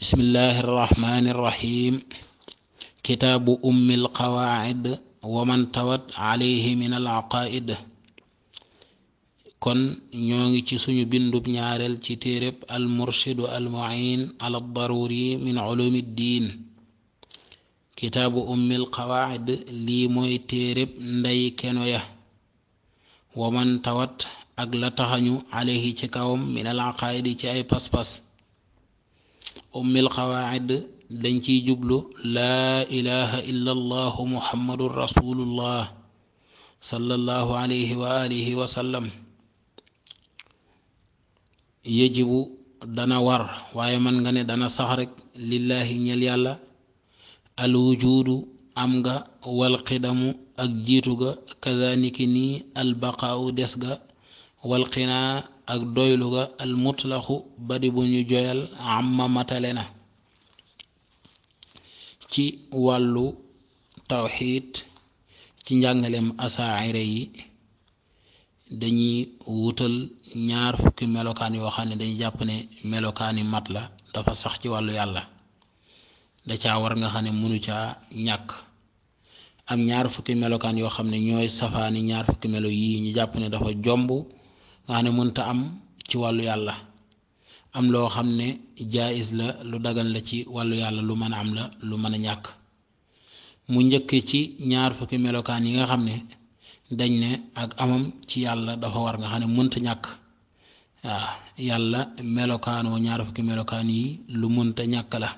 بسم الله الرحمن الرحيم كتاب أم القواعد ومن توت عليه من العقائد كن نيوغي تي سونو بيندوب تيرب المرشد المعين على الضروري من علوم الدين كتاب أم القواعد لي موي تيرب نداي كنويا ومن توت اك عليه تي من العقائد تي اي باس باس ummil xawaacid dañ ciy jublu laa ilaha illa allahu muhammadun rasulullah sallallahu alayhi wa alihi wa sallam yajibu dana war waaye man nga ne dana sax rek lillahi ñel yàlla al wujudu am nga wal qidamu ak jiitu ga kazaniki nii albaqaawu des ga wal qinaa ak doylu ga al mutlaxu bari bu ñu joyal amma matale na ci wàllu tawxiid ci njàngaleem asaayire yi dañuy wutal ñaar fukki melokaan yoo xam ne dañu jàpp ne melokaani mat la dafa sax ci wàllu yàlla da caa war nga xam ne mënu caa ñàkk am ñaar fukki melokaan yoo xam ne ñooy safaani ñaar fukki melo yii ñu jàpp ne dafa jomb gaane mënta am ci wàllu yàlla am loo xam ne jaayis la lu dagan la ci wàllu yàlla lu mën a am la lu mën a ñàkk mu njëkk ci ñaar fukki melokaan yi nga xam ne dañ ne ak amam ci yàlla dafa war nga xam ne mënta ñàkk waaw yàlla melokaanoo ñaar fukki melokaan yi lu mënta ñàkk la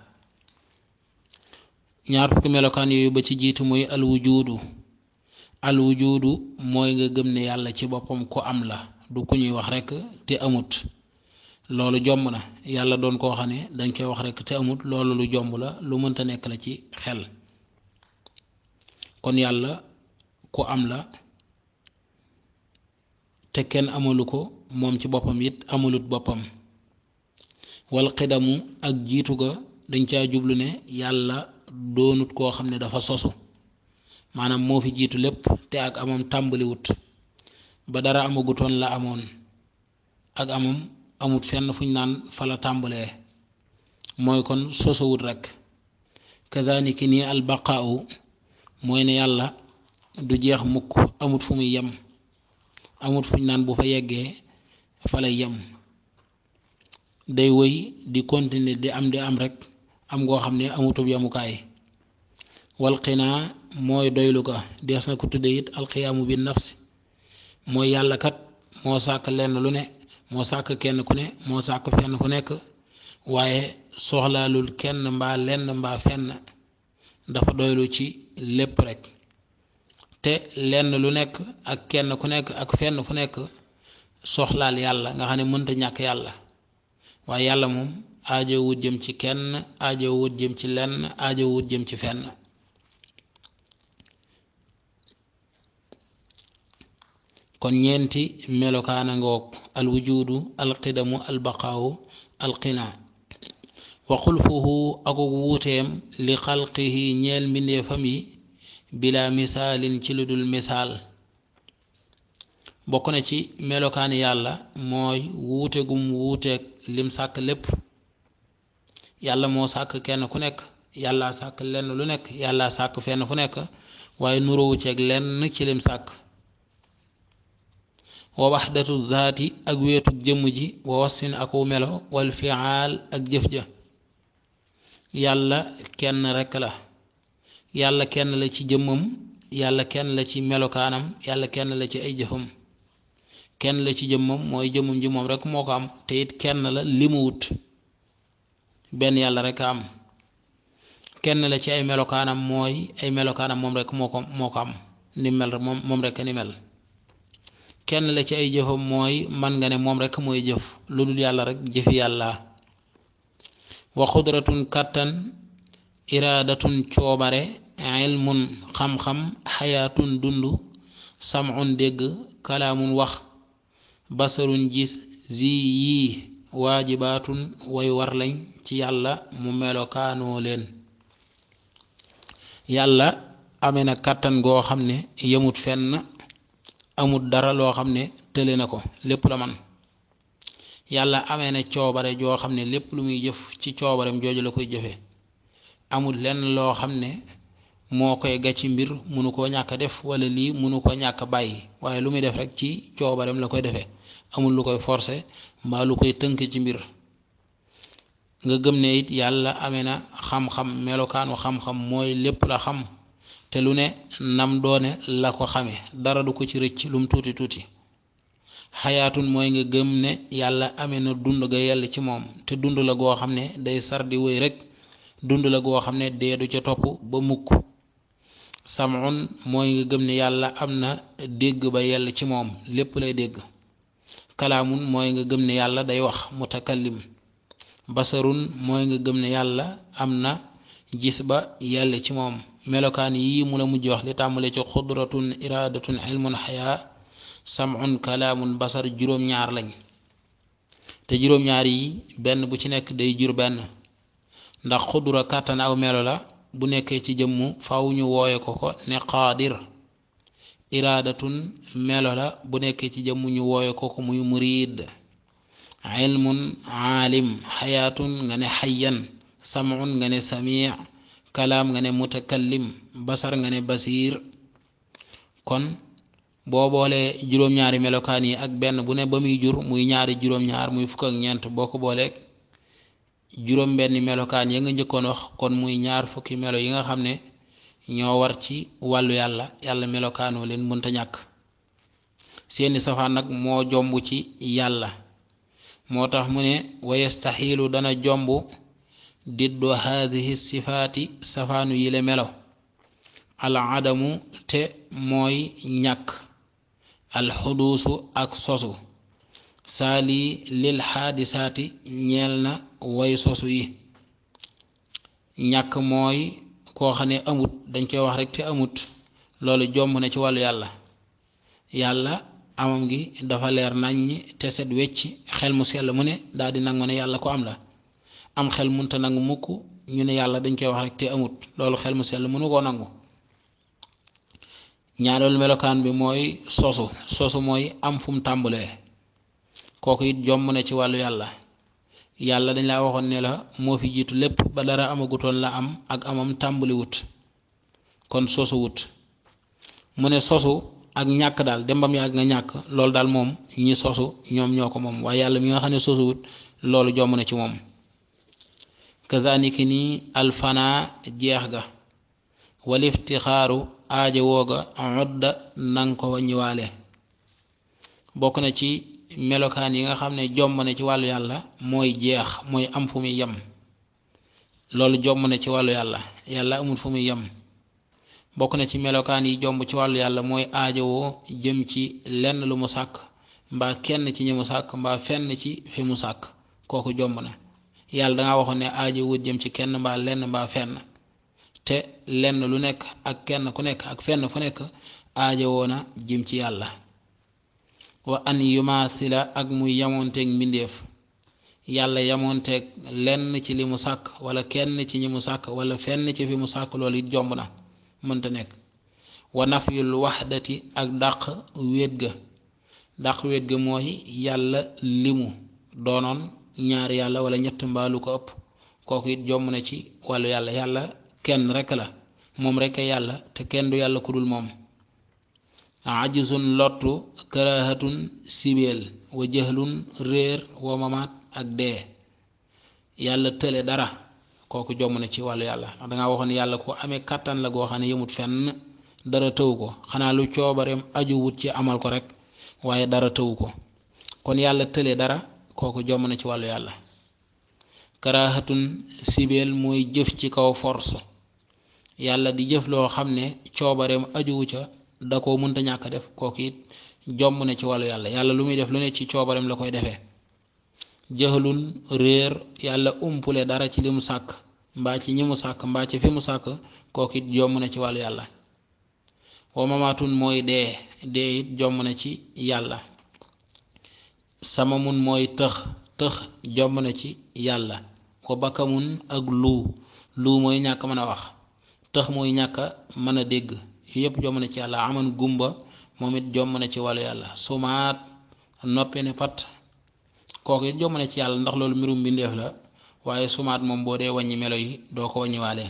ñaar fukki melokaan yooyu ba ci jiitu mooy alwujuudu alwujuudu mooy nga gëm ne yàlla ci boppam ku am la du ku ñuy wax rek te amut loolu jomb na yàlla doon koo xam ne dañ koy wax rek te amut loolu lu jomb la lu mënta nekk la ci xel kon yàlla ku am la te kenn amalu ko moom ci boppam it amalut boppam wal xidamu ak jiitu ga dañ caa jublu ne yàlla doonut koo xam ne dafa sosu maanaam moo fi jiitu lépp te ak amam tàmbaliwut ba dara amagutoon la amoon ak amum amut fenn fuñ naan fala tàmbalee mooy kon sosowut rekk kazalika nii albaqaau mooy ne yàlla du jeex mukk amut fu muy yem amut fuñ naan bu fa yeggee fa lay yem day wëy di continuer di am di am rek am ngoo xam ne amutub yemukaay walqinaa mooy doylu ko dees ko tudde it alqiyaamu bi nafsi moo yàlla kat moo sàkk lenn lu ne moo sàkk kenn ku ne moo sàkk fenn ku nekk waaye soxlaalul kenn mbaa lenn mbaa fenn dafa doylu ci lépp rek te lenn lu nekk ak kenn ku nekk ak fenn fu nekk soxlaal yàlla nga xam ne mënta ñàkk yàlla waaye yàlla moom aajo wut jëm ci kenn aajo wut jëm ci lenn aajo wut jëm ci fenn kon ñeenti melokaana ngoog alwujudu alqidamu albaqaawu alqina wa xulfuhu aku wuuteem li xalqihi ñeel mbindeefam yi bila misaalin ci lu dul misaal bokk na ci melokaani yàlla mooy wuute gum lim sàkk lépp yàlla moo sàkk kenn ku nekk yàlla sàkk lenn lu nekk yàlla sàkk fenn fu nekk waaye nuróowu ceeg lenn ci lim sàkk wa waxdatu zaati ak weetuk jëmm ji wa wasfin aku melo wal fiaal ak jëf ja yàlla kenn rekk la yàlla kenn la ci jëmmam yàlla kenn la ci melokaanam yàlla kenn la ci ay jëfam kenn la ci jëmmam mooy jëmmam ji moom rekk moo ko am te kenn la limuwut benn yàlla rekk am kenn la ci ay melokaanam mooy ay melokaanam moom rekk moo ko am ni mel moom moom rekk ni mel kenn la ci ay jëfam mooy man nga ne moom rek mooy jëf lu dul yàlla rek jëfi yàlla wa xudratun kàttan iraadatun coobare ilmun xam-xam xayaatun dund samcun dégg kalaamun wax basarun gis zi yii waajibaatun woy war ci yàlla mu melokaanoo leen yàlla amee kàttan goo xam ne yemut fenn amul dara loo xam ne tële na ko lépp la man yàlla amee na coobare joo xam ne lépp lu muy jëf ci coobareem jooju la koy jëfee amul lenn loo xam ne moo koy gàcci mbir munu koo ñàkk def wala lii munu ko ñàkk bàyyi waaye lu muy def rek ci coobareem la koy defe amul lu koy forcer mbaa lu koy tënk ci mbir nga gëm ne it yàlla amee na xam-xam melokaanu xam-xam mooy lépp la xam te lu ne nam doone la ko xame dara du ko ci rëcc lum tuuti tuuti xayaatun mooy nga gëm ne yàlla amee na dund ga yàlla ci moom te dund la goo xam ne day sar di wéy rek dund la goo xam ne dee du ca topp ba mukk samun mooy nga gëm ne yàlla am na dégg ba yàlla ci moom lépp lay dégg kalaamun mooy nga gëm ne yàlla day wax mutakallim basarun mooy nga gëm ne yàlla am na gis ba yàlla ci moom melokaan yii mu la mujj wax li tàmbale ci xudratun iraadatun ilmun xayaa samun kalaamun basar juróom-ñaar lañ te juróom-ñaar yi benn bu ci nekk day jur benn ndax xudura kàttan aw melo la bu nekkee ci jëmmu faw ñu wooye ko ko ne bu nekkee ci jëmm ñu wooye ko ko muy muriid ilmun aalim xayaatun nga ne xayyan sam'un ngane sami' kalam ngane mutakallim basar ngane basir kon boobole juróom ñaari melokaan yi ak benn bu ne ba muy jur muy ñaari juróom ñaar muy fukk ak ñent boo ko booleeg juróom benn melokaan ya nga njëkkoon wax kon muy ñaar fukki melo yi nga xam ne ñoo war ci wàllu yàlla yàlla melokaanoo leen mënta ñàkk seeni safa nag moo jomb ci yàlla moo tax mu ne wa yastahilu dana jombu diddo hadihi sifati safanu yile melo alcadamu te mooy ñakk alxudusu ak sosu sali lil hadisati ñeel na way sosu yi ñàkk mooy koo xam ne amut dañ koy wax rek te amut loolu jomb na ci wàllu yàlla yàlla amam gi dafa leer nañ ñi te set wecc xel mu sell mu ne daal di nangu ne yàlla ko am la am xel munta nangu mukk ñu ne yàlla dañ koy wax rek te amut loolu xel mu sell mënu koo nangu ñaareelu melokaan bi mooy sosu sosu mooy am fu mu tàmbalee kooku it jomm ne ci wàllu yàlla yàlla dañ laa waxoon ne la moo fi jiitu lépp ba dara amagutoon la am ak amam tàmbali wut kon sosu wut mu ne sosu ak ñàkk daal dembam yàgg nga ñàkk loolu daal moom ñi sosu ñoom ñoo ko moom waaye yàlla mi nga xam ne sosu wut loolu jomm na ci moom kazaniki ni alfana jeexga waliftixaaru aajo wooga odda nan ko ñiwaale bokk na ci melokaan yi nga xam ne jomm na ci wàllu yàlla mooy jeex mooy am fu muy yem loolu jomm na ci wàllu yàlla yàlla amul fu muy yem bokk na ci melokaan yi jomm ci wàllu yàlla mooy aajo woo jëm ci lenn lu mu sàkk mbaa kenn ci ñi mu sàkk mbaa fenn ci fi mu sàkk kooku jomm na yàlla danga waxoon ne aajo wut jëm ci kenn mbaa lenn mbaa fenn te lenn lu nekk ak kenn ku nekk ak fenn fu nekk aajo woona jëm ci yàlla wa an yumaasila ak muy yamoonteeg mbindeef yàlla yamoonteeg lenn ci li mu sàkk wala kenn ci ñi mu sàkk wala fenn ci fi mu sàkk loolu jomb na mënta nekk wa nafyul waxdati ak dàq wéet ga dàq wéet ga mooy yàlla limu doonoon ñaar yàlla wala ñett mbaa lu ko ëpp kooku it jomm na ci wàllu yàlla yàlla kenn rekk la moom rek yàlla te kenn du yàlla ku dul moom ajizun lottu karahatun sibeel wa jëhlun réer wa mamaat ak dee yàlla tële dara kooku jomm na ci wàllu yàlla danga waxoon yàlla ku amee kàttan la goo xam ne yëmut fenn dara tëw ko xanaa lu coobareem aju wut ci amal ko rek waaye dara tëw ko kon yàlla tële dara kooku jomm na ci wàllu yàlla karaahatun sibeel mooy jëf ci kaw fors yàlla di jëf loo xam ne coobareem ajuwu ca da koo mënta ñàkk def kooku it jomm na ci wàllu yàlla yàlla lu muy def lu ci coobareem la koy defee jëxalun réer yàlla umpule dara ci li mu sàkk mbaa ci ñi mu sàkk mbaa ci fi mu sàkk kooku it jomm na ci wàllu yàlla wa mamaatun mooy dee dee it jomm na ci yàlla sama mun mooy tëx tëx jomb na ci yàlla wa bakamun ak luu luu mooy ñàkk mën a wax tëx mooy ñàkk mën a dégg yépp jomb na ci yàlla aman gumba moom it jomb na ci wàllu yàlla sumaat noppi ne pat kooku it jomb na ci yàlla ndax loolu mbirum mbindeef la waaye sumaat moom boo dee wàññi melo yi doo ko wàññiwaale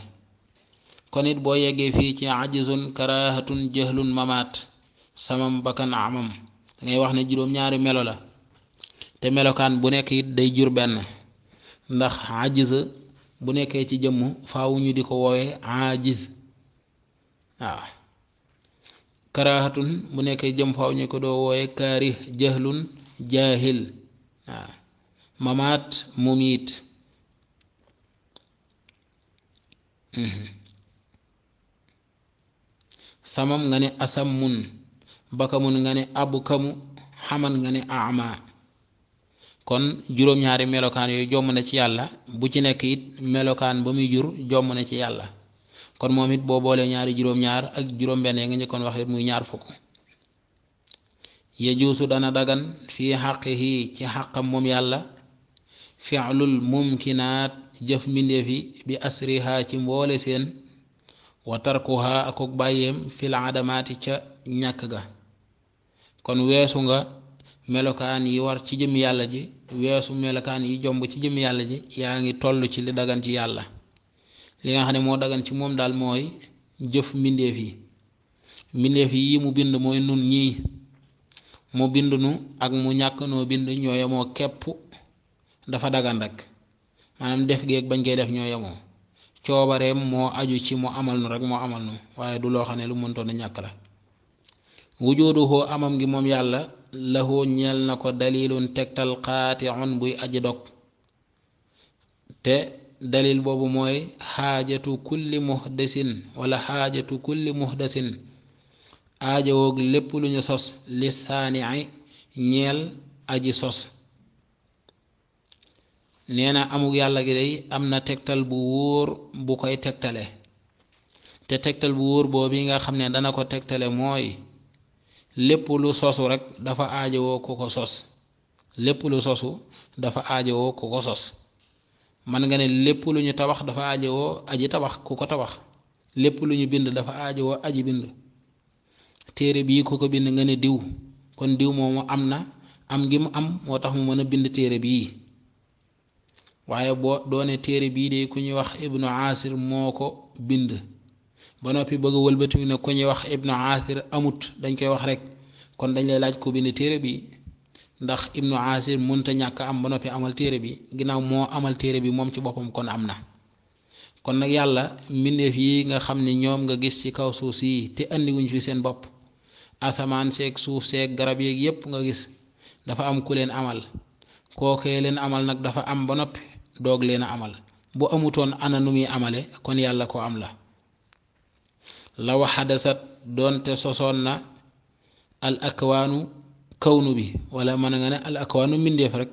kon it boo yeggee fii ci ajizun karahatun jëhlun mamaat samam bakkan amam dangay wax ne juróom-ñaari melo la te melokaan bu nekk it day jur benn ndax ajisa bu nekkee ci jëmm faaw ñu di ko woowee ajis waaw karahatun bu nekkee jëm faaw ñu ko doo woowee karih jahlun jahil waaw mamaat mumit mhm. samam nga ne asammun bakamun nga ne abukamu xaman nga ne ama kon juróom ñaari melokaan yooyu jomm na ci yàlla bu ci nekk it melokaan ba muy jur jomm na ci yàlla kon moom it boo boolee ñaari juróom ñaar ak juróom benn nga njëkkoon waxit muy ñaar fukk yajuusu dana dagan fi xaqihi ci xàqam moom yàlla ficlul mumkinaat jëf mindéef yi bi asriha ci mboole seen wa tarkuha akuk bàyyeem fil adamaati ca ñàkk ga kon weesu nga melokaan yi war ci jëm yàlla ji weesu melokaan yi jomb ci jëm yàlla ji yaa ngi toll ci li dagan ci yàlla li nga xam ne moo dagan ci moom daal mooy jëf mbindeef yi mbindeef yi mu bind mooy nun ñii mu bind nu ak mu ñàkk noo bind ñoo yemoo képp dafa dagan rek maanaam def geeg bañ koy def ñoo yemoo coobareem moo aju ci mu amal nu rek moo amal nu waaye du loo xam ne lu mënto na ñàkk la wujuuduhoo amam gi moom yàlla lahu ñeel na ko dalilun tegtal qatiun buy aji dog te dalil boobu mooy haajatu kulli muhdasin wala haajatu kulli muhdasin aajowoog lépp lu ñu sos li saanici ñeel aji sos nee na amug yàlla gi day am na tegtal bu wóor bu koy tegtale te tegtal bu wóor boobu yi nga xam ne dana ko tegtale mooy lépp lu sosu rek dafa aajowoo ko ko sos lépp lu sosu dafa aajowoo ko ko sos man nga ne lépp lu ñu tabax dafa aajowoo aji tabax ku ko tabax lépp lu ñu bind dafa aajowoo aji bind téere bii ko ko bind nga ne diw kon diw moomu am na am gi mu am moo tax mu mën a bind téere bii waaye boo doone téere bii de ku ñuy wax ibnu asir moo ko bind ba noppi bëgg wëlbatiwu ne ku ñuy wax ibnu asir amut dañ koy wax rek kon dañ lay laaj ku bind téere bi ndax ibnu asir mënta ñàkk am ba noppi amal téere bi ginnaaw moo amal téere bi moom ci boppam kon am na kon nag yàlla mbindeef yi nga xam ne ñoom nga gis ci kaw suuf si te indiwuñ fi seen bopp asamaan seek suuf seeg garab yeeg yépp nga gis dafa am ku leen amal kookee leen amal nag dafa am ba noppi doog leen a amal bu amutoon ana nu muy amale kon yàlla ko am la la waxadasat doonte sosoon na al akwaanu kawnu bi walla mën nga ne al akwaanu mbindeef rek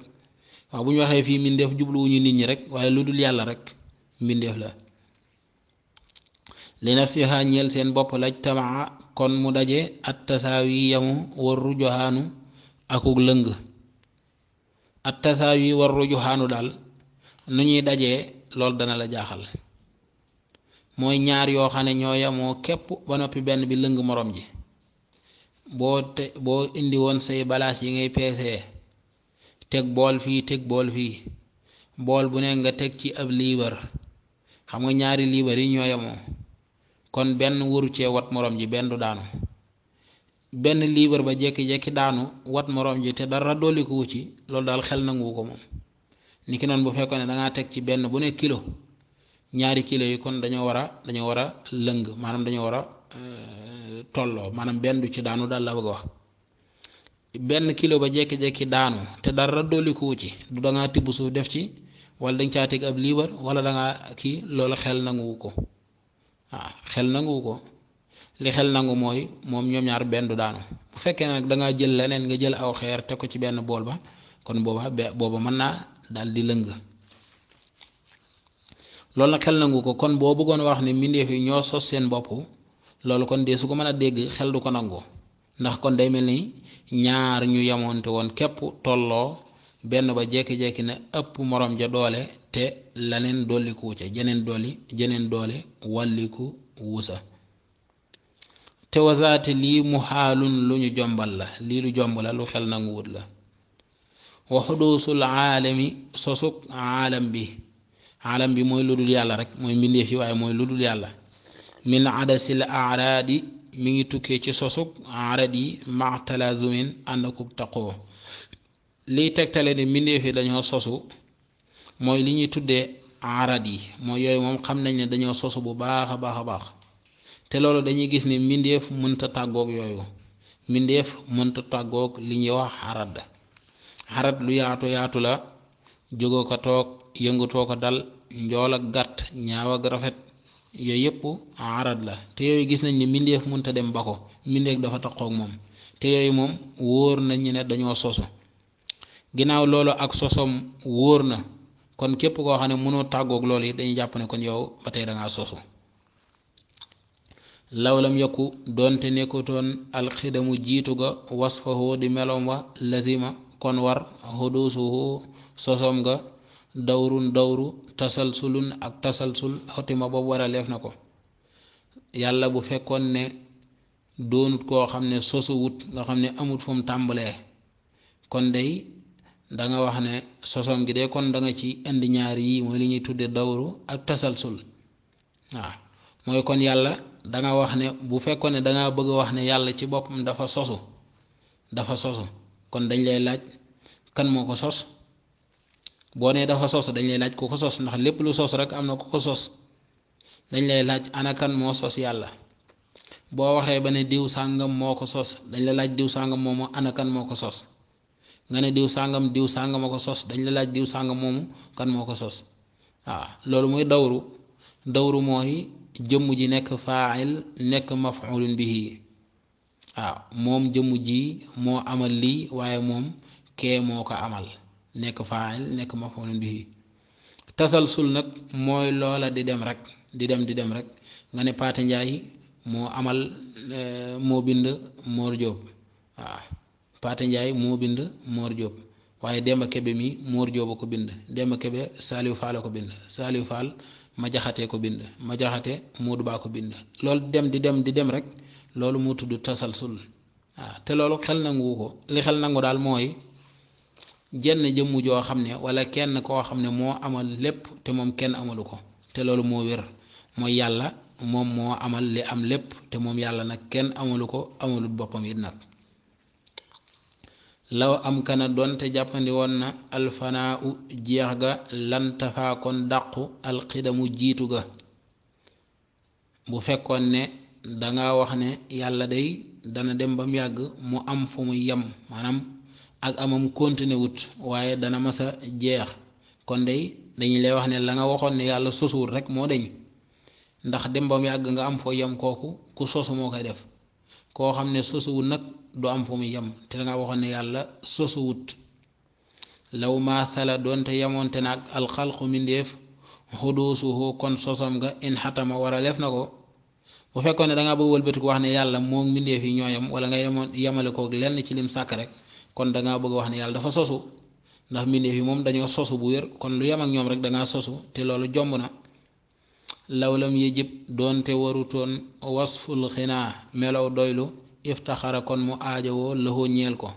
waaw bu ñu waxee fii mbindeef jubluwuñu nit ñi rek waaye lu dul yàlla rek mbindeef la li nafsiha ñeel seen bopp laj tamaa kon mu daje ak tasaawi yamu war rujuhaanu akuk lëng ak tasaawi war rujuhaanu daal nu ñuy dajee loolu dana la jaaxal mooy ñaar yoo xam ne ñoo yamoo képp ba noppi benn bi lëng moroom ji bo indi won say balas yi ngay pese tek bol fi tek bol fi bol bu ne nga tek ci ab liver xam nga ñaari liver yi ñoy mo kon ben wur ci wat morom ji ben du daanu ben liver ba jekki jekki daanu wat morom ji te dara doli ko ci lol dal xel na ngugo mom niki non bu fekkone da nga tek ci ben bu ne kilo ñaari kilo yi kon dañu wara dañu wara leung manam dañu wara Euh, tolloo maanaam benn du ci daanu daal la bëgg a wax benn kilo ba jekki-jekki daanu te dara dollikuwu ci du da tibb suuf def ci wala danga caa teg wala da kii loolu xel nanguwu ko waaw xel nanguwu ko li xel nangu mooy moom ñoom ñaar benn du daanu bu fekkee nag da jël leneen nga jël aw xeer teg ko ci benn bool ba kon booba booba mën naa daal di lëng loolu nag xel nangu ko kon boo bëggoon wax ne mbindeef yi ñoo sos seen bopp loolu kon dee su ko mën a dégg xel du ko nangu ndax kon day mel ni ñaar ñu yamonte woon képp tolloo benn ba jekki-jekki na ëpp morom ja doole te laneen dolliku ca jeneen dolli jeneen doole walliku wusa te wasaate lii mu xaalun lu ñu jombal la lii lu jomb la lu xel nanguwut la wa xuduusul caalami sosuk caalam bi caalam bi mooy lu dul yàlla rek mooy mbindeef yi waaye mooy lu dul yàlla min adasil araɗi mingi tukke ci sosog araɗi ma talasumin andakub taqo li tegtale ni mindefi dañoo sosu mooy li ñuy tuddee araɗi mooy yooyu moom xam nañ ne dañoo sosu bu baax a baax a baax te loolu dañuy gis ni mindeef mënta tàggoog yooyu mindeef mënta tàggoog li ñuy wax harad harad lu yaatu yaatu la jógoo ka toog yëngutoo ko dal njool ak gàtt ñaaw ak rafet yooyu yëpp arad la te yooyu gis nañ ni mbindeef mënta dem ba ko mbindeef dafa taxaw moom te yooyu moom wóor nañ ñu ne dañoo sosu ginnaaw loolu ak sosom wóor na kon képp koo xam ne mënoo tàggoog loolu it dañuy jàpp ne kon yow ba tey dangaa sosu lawlam yokku doonte nekkutoon alxidamu jiitu ga wasfahu di meloom wa lazima kon war xudusuhu sosom ga dawrun dawru tasalsulun ak tasal sul xotima boobu war a leef na ko yàlla bu fekkoon ne doonut koo xam ne sosuwut nga xam ne amut fu mu tàmbalee kon day danga wax ne sosom gi de kon danga ci indi ñaar yii mooy li ñuy tudde dawru ak tasalsul waaw mooy kon yàlla danga wax ne bu fekkoon ne danga bëgg wax ne yàlla ci boppam dafa sosu dafa sosu kon dañ lay laaj kan moo ko sos boo nee dafa sos dañ lay laaj ku ko sos ndax lépp lu sos rek am na ku ko sos dañ lay laaj anakan moo sos yàlla boo waxee ba ne diw sàngam moo ko sos dañ la laaj diw sàngam moomu anakan moo ko sos nga ne diw sàngam diw sàngam moo ko sos dañ la laaj diw sàngam moomu kan moo ko sos waaw loolu mooy dawru dawru mooy jëmm ji nekk faa'il nekk maf'ulun bihi waaw moom jëmm ji moo amal lii waaye moom kee moo ko amal nekk faail nekk mafoolum bihi tasalsul nag mooy loola di dem rek di dem di dem rek nga ne paate njaayi moo amal eh, moo bind moor joob waaw paate njaayi moo bind moor joob waaye demba kebe mi moor joobu ko bind demba kebe saaliw faala ko bind saaliw faal ma jaxatee ko bind ma jaxate muudu baa ko bind loolu dem di dem di dem rek loolu mu tudd tasalsul waaw te loolu xel nanguwu ko li xel nangu daal mooy jenn jëmm joo xam ne walla kenn koo xam ne moo amal lépp te moom kenn amalu ko te loolu moo wér mooy yàlla moom moo amal li am lépp te moom yàlla nag kenn amalu ko amalul boppam it nag law am kana doonte jàppandiwoon woon na alfanaa u jeex ga lantafaa kon dàqu alxidamu jiitu ga bu fekkoon ne danga wax ne yàlla day dana dem ba mu yàgg mu am fu mu yam maanaam ak amam continué wut waaye dana masa jeex kon day dañu lay wax ne la nga waxoon ne yàlla sosuwut rek moo dañ ndax dem ba mu yàgg nga am foo yem kooku ku sosu moo koy def koo xam ne sosuwut nag du fu mu yem te da nga waxoon ne yàlla sosuwut law maasala doonte te na ak alxalqu mindéef xuduusuhu kon sosam nga in xatama war a lef na ko bu fekkoon ne da nga bëgg wëlbatiku wax ne yàlla moom mbindeef yi ñoo yem wala nga yemoon yemale koog lenn ci lim sàkk rek kon da ngaa bëgg wax ni yàlla dafa sosu ndax mbindeef yi moom dañoo sosu bu wér kon lu yem ak ñoom rek da sosu te loolu jomb na lawlam jëpp doonte warutoon wasful xinaa melow doylu iftaxara kon mu woo lëxoo ñeel ko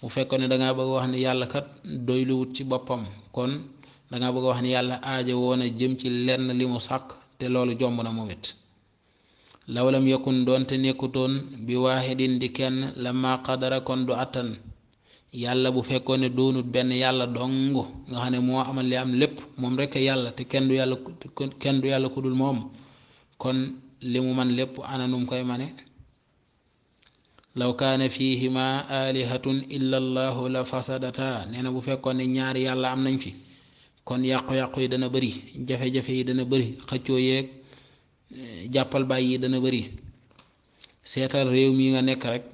mu fekkoon ne da ngaa bëgg wax ne yàlla kat doyluwut ci boppam kon da bëgg wax ne yàlla aajowoo na jëm ci lenn li mu sàkk te loolu jomb na moom it lawlam yakun doonte nekkutoon bi waaxidin di kenn lama qadara kon du attan yàlla bu fekkoon ne doonut benn yàlla dong nga xam ne moo amal li am lépp moom rekk yàlla te kenn du yàlla kenn du yàlla ku dul moom kon limu man lépp ana num koy mane law kaana fihima alihatun illa la fasadata nee na bu fekkoon ne ñaar yàlla am nañ fi kon yàqu-yàqu yi dana bëri jafe-jafe yi dana bëri xëccoo yeeg Eh, jàppal bàyyi dana bëri seetal réew mi nga nekk rek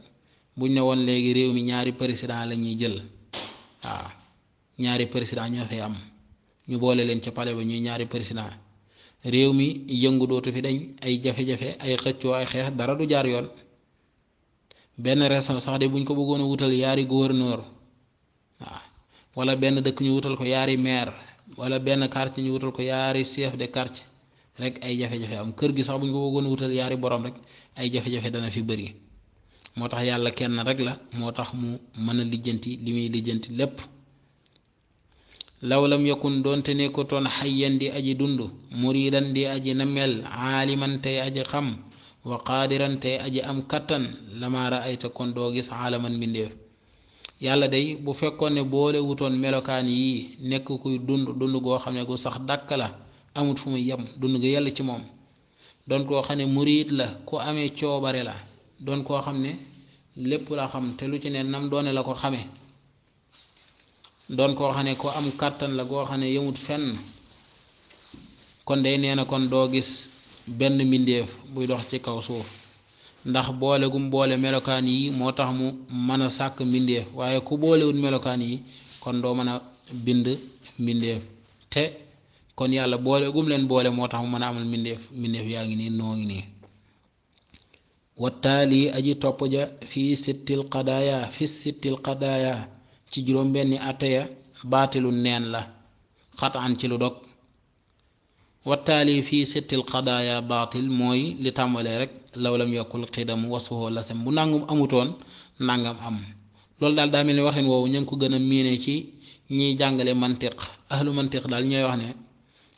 buñ ne woon léegi réew mi ñaari président la ñuy jël waaw ñaari président ñoo fay am ñu boole leen ca pale ba ñuy ñaari président réew mi yëngu dootu fi dañ ay jafe-jafe ay xëccoo ay xeex dara du jaar yoon benn région sax de buñ ko bëggoon a wutal yaari gouverneur waaw wala benn dëkk ñu wutal ko yaari maire wala benn quartier ñu wutal ko yaari chef de quartier rek ay jafe-jafe am kër gi sax bu ñu ko bëggoon wutal yaari borom rek ay jafe-jafe dana fi bëri moo tax yàlla kenn rek la moo tax mu mën a lijjanti li muy lijjanti lépp law lam yakun doonte nekkutoon xayyan di aji dund muridan di aji namel aaliman tey aji xam wa qaadiran aji am kattan lamaara ayta kon doo gis aalaman mbindeef yàlla day bu fekkoon ne boole wutoon melokaan yii nekk kuy dund dund goo xam ne gu sax dàkk la amut fu muy yem dund nga yàlla ci moom doon koo xam ne muriit la ku amee coobare la doon koo xam ne lépp la xam te lu ci ne nam doone la ko xame doon koo xam ne ku am kàttan la goo xam ne yemut fenn kon day nee na kon doo gis benn mbindéef buy dox ci kaw suuf ndax boole gum boole melokaan yi moo tax mu mën a sàkk mbindéef waaye ku boolewut melokaan yi kon doo mën a bind mbindéef te kon yàlla boole gum leen boole moo tax mu mën a amal mbindeef mbindeef yaa ngi nii noo ngi nii wattaali aji topp ja fii sittil qadaaya fi sittil qadaaya ci juróom-benni ataya baatilu neen la xataan ci lu dog wattaali fii sittil qadaaya baatil mooy li tàmbalee rek law lam yokkul xidamu wasuhoo lasem bu nangum amutoon nangam am loolu daal daa mel ni waxin woowu ñu ko gën miine ci ñiy jàngale mantiq ahlu mantiq daal ñooy wax ne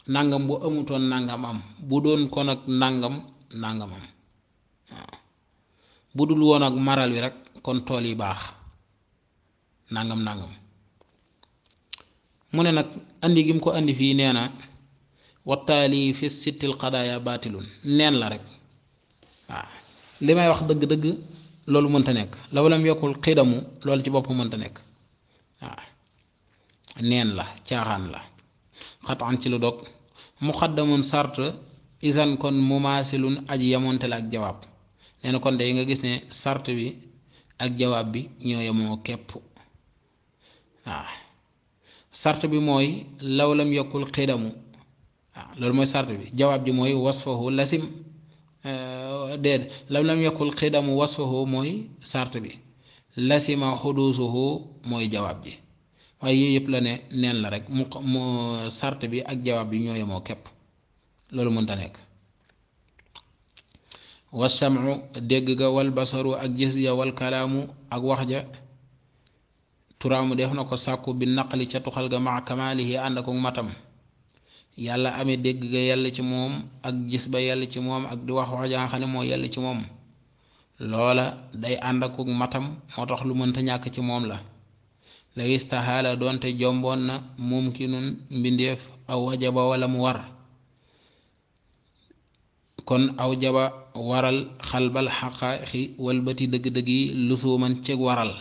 nangam bu amutoon nangam am bu doon kon ak nangam nangam am waaw bu dul woon ak maral wi rek kon tool yi baax nangam nangam mu ne nag andi gi mu ko indi fii nee na wattaali fi sittil xadaaya baatilun neen la rek waaw li may wax dëgg-dëgg loolu mënta nekk law lam yokkul xidamu loolu ci bopp mënta nekk waaw neen la caaxaan la xatan ci lu dog muqaddamun sarte isan kon mumaasilun aj yamonte la ak jawaab neena kon day nga gis ne sarte bi ak jawaab bi ñoo yamoo képp waaw sarte bi mooy law lam yokkul xidamu waaw loolu mooy sarte bi jawaab ji mooy wasfahu lasim déet law lam yokkul xidamu wasfahu mooy sarte bi lasima xuduusuhu mooy jawaab ji waaye yooyu yëpp la ne neen la rek mu mu sart bi ak jawaab bi ñoo yemoo képp loolu mënta nekk wasamcu dégg ga wal basaru ak gis ya wal ak wax ja turaamu def na ko sàkku bi naqali ca tuxal ga ma matam yàlla amee dégg yàlla ci moom ak gis ba yàlla ci moom ak di wax wax ja nga xam ne moo yàlla ci moom loola day ànd ak matam moo tax lu mënta ñàkk ci moom la la wistaxaala doonte jomboon na mumkinun mbindeef aw wajaba wala mu war kon aw jaba waral xalbal xaqaaxi walbati dëgg-dëgg yi lusuuman ceg waral